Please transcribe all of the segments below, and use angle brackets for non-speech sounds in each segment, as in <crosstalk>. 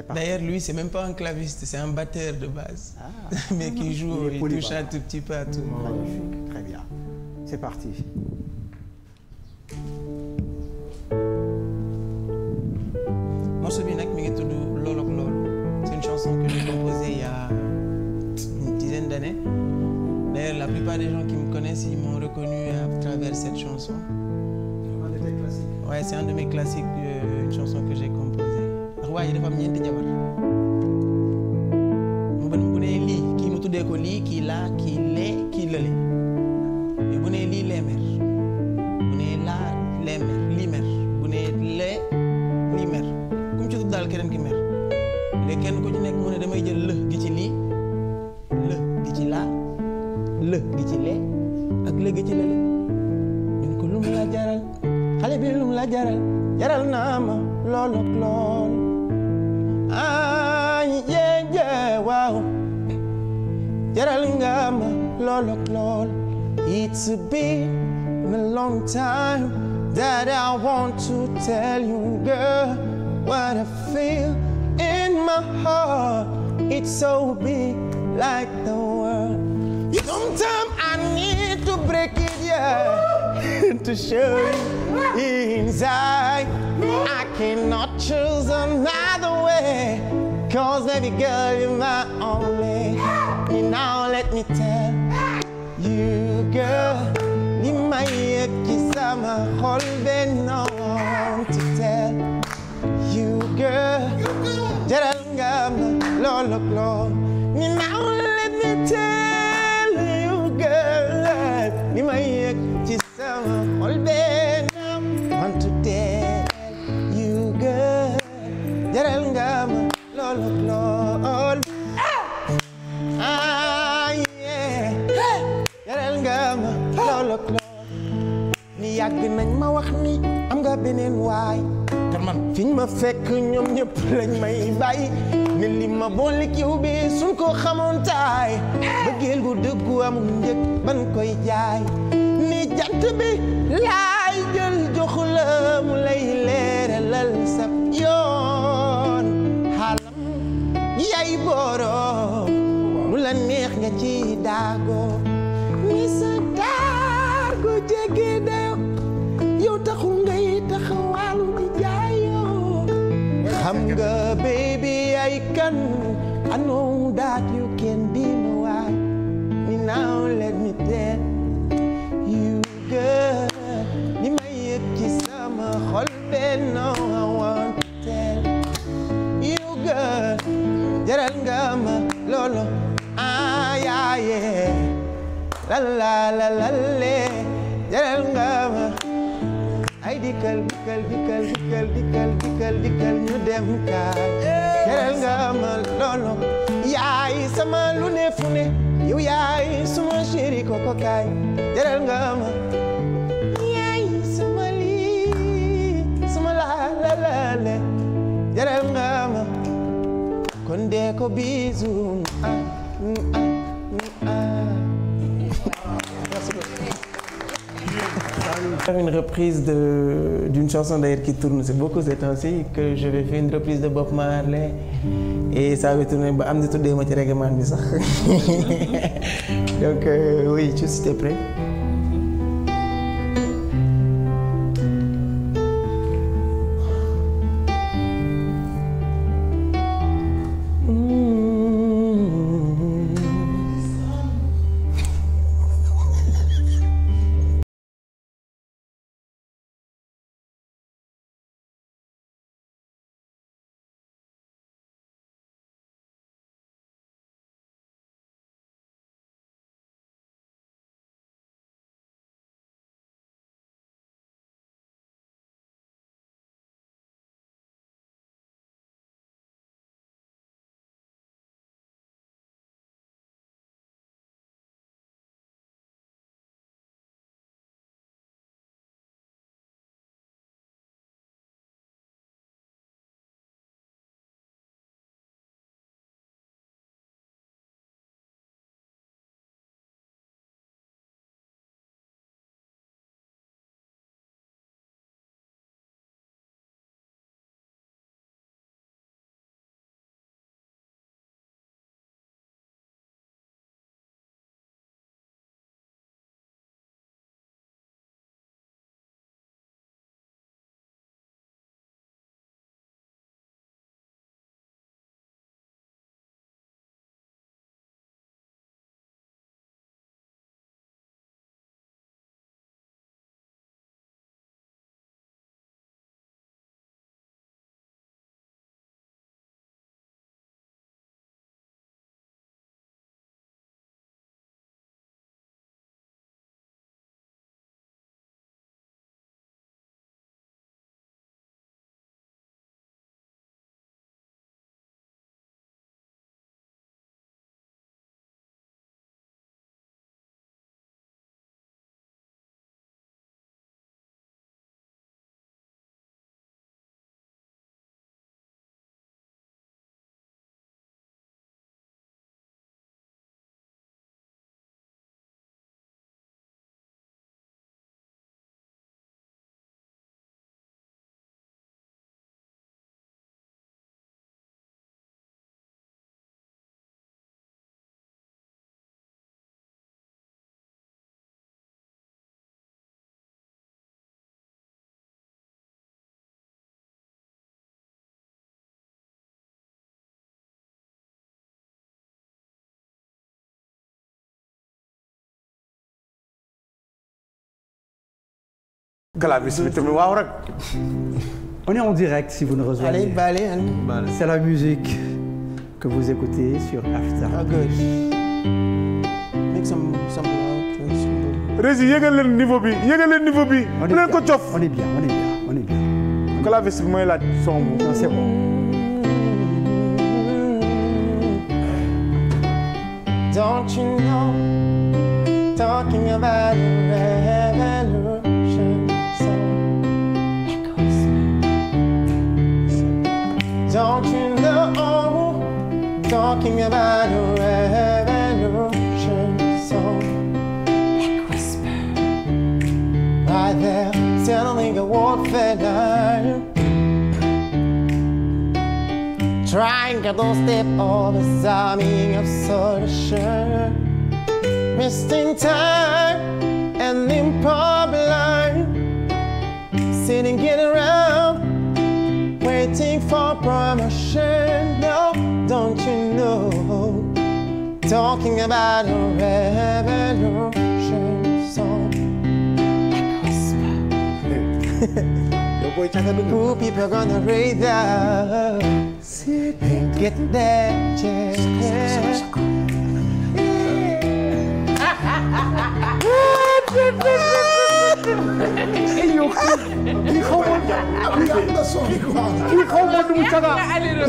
c'est parti. D'ailleurs, lui, c'est même pas un claviste, c'est un batteur de base. Ah. <laughs> Mais qui joue, il, touche un tout petit peu à tout. Mmh. C'est parti. morceau bi nag mi ngi tudd lool c'est une chanson que j'ai composée il y a une dizaine d'années d'ailleurs la plupart des gens qui me connaissent ils m'ont reconnu à travers cette chanson. c'est un de mes classiques, euh, une chanson que j'ai composée. waaye ji dafa am ñeenti jabar mu ba bu nee lii kii mu tuddee ko lii kii laa kii lee kii lële bu nee lii lee bu nee laa lee lii mer bu nee lee lii mer ku mu daal keneen ki mer léegi kenn ku ci nekk mu ne damay jël lë gi ci lii lë gi ci laa lë gi ci lee ak lë gi ci lële ñu ko lu mu jaral xale bi lu mu jaral jaral naa ma lool ak lool ayé jẹ́ wa o jaral nga ma long time that I want to tell you girl what I feel in my heart it's so big like the world sometimes I need to break it yeah <laughs> to show you inside I cannot choose another away. Cause baby girl, you're my only. You now let me tell you, girl. Ni maye kisa ma holbe no one to tell you, girl. Jaranga lolo lolo. fekk ñoom ñëpp lañ may bàyyi ne li ma boole kiw bi suñ ko xamoon taay bëggeel gu dëggu amul njëg koy jaay ni jant bi laay jël jox la mu lay leeralal sab yoon xalam yay booroom mu la neex nga ci daagoo xam nga baby ay kan anong that you can deny ni now let me tell you girl ni ma yëg ci sama xol benn I want to tell you girl jaral nga ma loolo ah yeah yeah la la la la le jaral nga ma ay dikkal dikkal dikkal dikkal dikkal dikkal dikkal ñu dem kaay teral nga ma loolo yaay sama lu ne fu ne yow yaay suma chéri koko kaay teral nga ma yaay suma lii suma la la le teral nga ma kon de ko bisum ah mm, ah mm, ah faire une reprise de d'une chanson d'ailleurs qui tourne c'est beaucoup ces temps-ci que je vais faire une reprise de Bob Marley et sa va tourner ba am na tuddee ma ci règlement bi sax <laughs> donc euh, oui tu Calavis bi tamit waaw rek. on est en direct si vous nous rejoignez. c'est la musique que vous écoutez sur After. Euh, Rési yëgal niveau bi yëgal niveau bi. on est bien on est bien on est bien on est bien. Calavis bi mooy laaj son bu. non c'est bon. Don't you know, talking about the talking about a revolution song. Black Whisper. Right there, telling a warfare line. Trying a doorstep on the army of solution. Wasting time and in pub line. Sitting it around, waiting for promotion. No. don't you know? Talking about a revolution song. Like whisper. <laughs> Ooh, people gonna read that. Get that check. Yeah. yok. Yıkamadım. Yıkamadım. Yıkamadım bıçağa.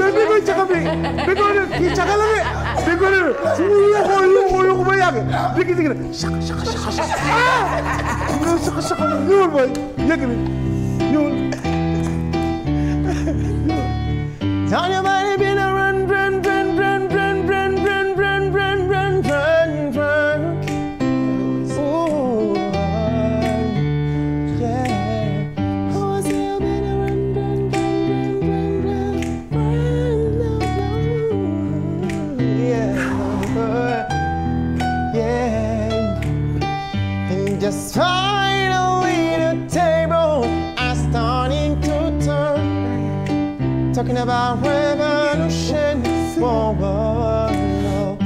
Yemin bıçağa bir. Bir böyle bıçakla bir. Bir böyle. Şimdi yok yok yok böyle yakın. Bir gidi gidi. Şaka şaka şaka şaka. Aa! Şaka şaka. Ne olur böyle. Yakın. Ne olur. Tanıyorum ben. talking about revolution forward. No.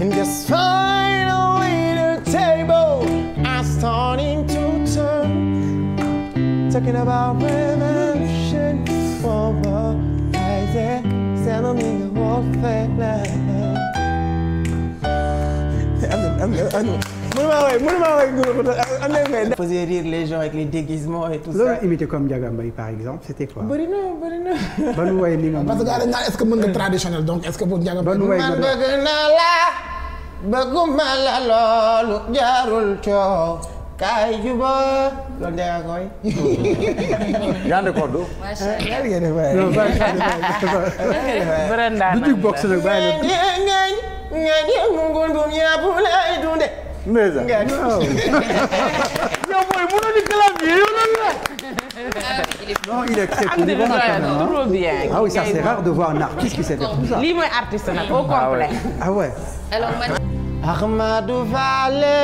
And just finally the table is starting to turn. Talking about revolution forward. I said, standing in the warfare line. I'm, I'm, I'm, I'm. faisait rire les gens avec les déguisements et tout ça. loolu imité comme Ndiaga Mbaye par exemple c'était quoi. bëri na bëri na. ban way mi nga parce que dañ naan est-ce que mën nga traditionnel donc est-ce que pour Ndiaga Mbaye. ban way man bëgg naa la bëgguma la loolu jaarul coow kaay juba loolu Ndiaga koy. yaa ngi ko doo. macha allah. du jug box nag bàyyi la. ndeysa waaw. yow mooy mënoo di clavier yow lan la. non il est très connu bon acteur trop bien. ah oui ça c'est rare de voir un artiste qui sait faire tout ça. lii mooy artiste nag au ah complet. ah ouais. alors man. Ahmadou Fallé.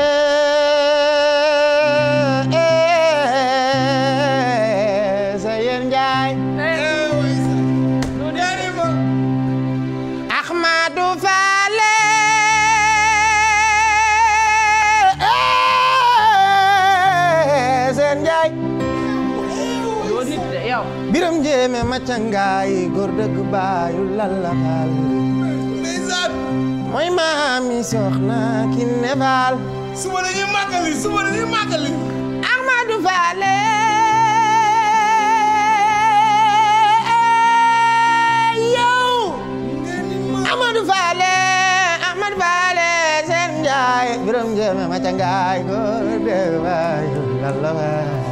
yow. biram njéeme macangaay góor dëgg baayu lalaxal. ndeysaan. mooy maami soxna ki ne suba dañuy màggali suba dañuy màggali. Ahmadou Fallé. yow. Ahmadou seen njaay. biram njéeme macangaay góor dëgg baayu lalaxal.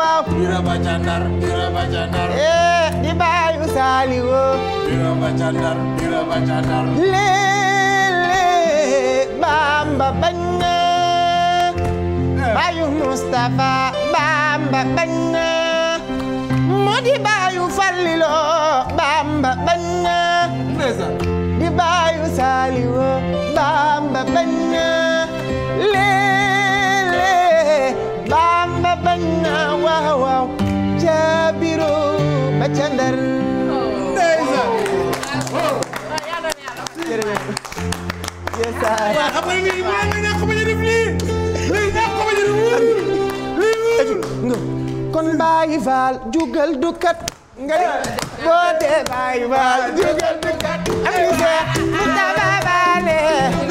waaw bira ba ba ca baayu Saaliwu bira ba ca moo eh, di baayu Fallilo Bamba bañ na eh. di baayu Saaliwu ca Ndar ndeysaan jërëjëf waaw xam nga lii mu ne la ko bañ a def lii lii naa ko bañ a def kon Baay Faal jugal dukkat nga boo dee Baay Faal jugal dukkat am nga mu tabaabale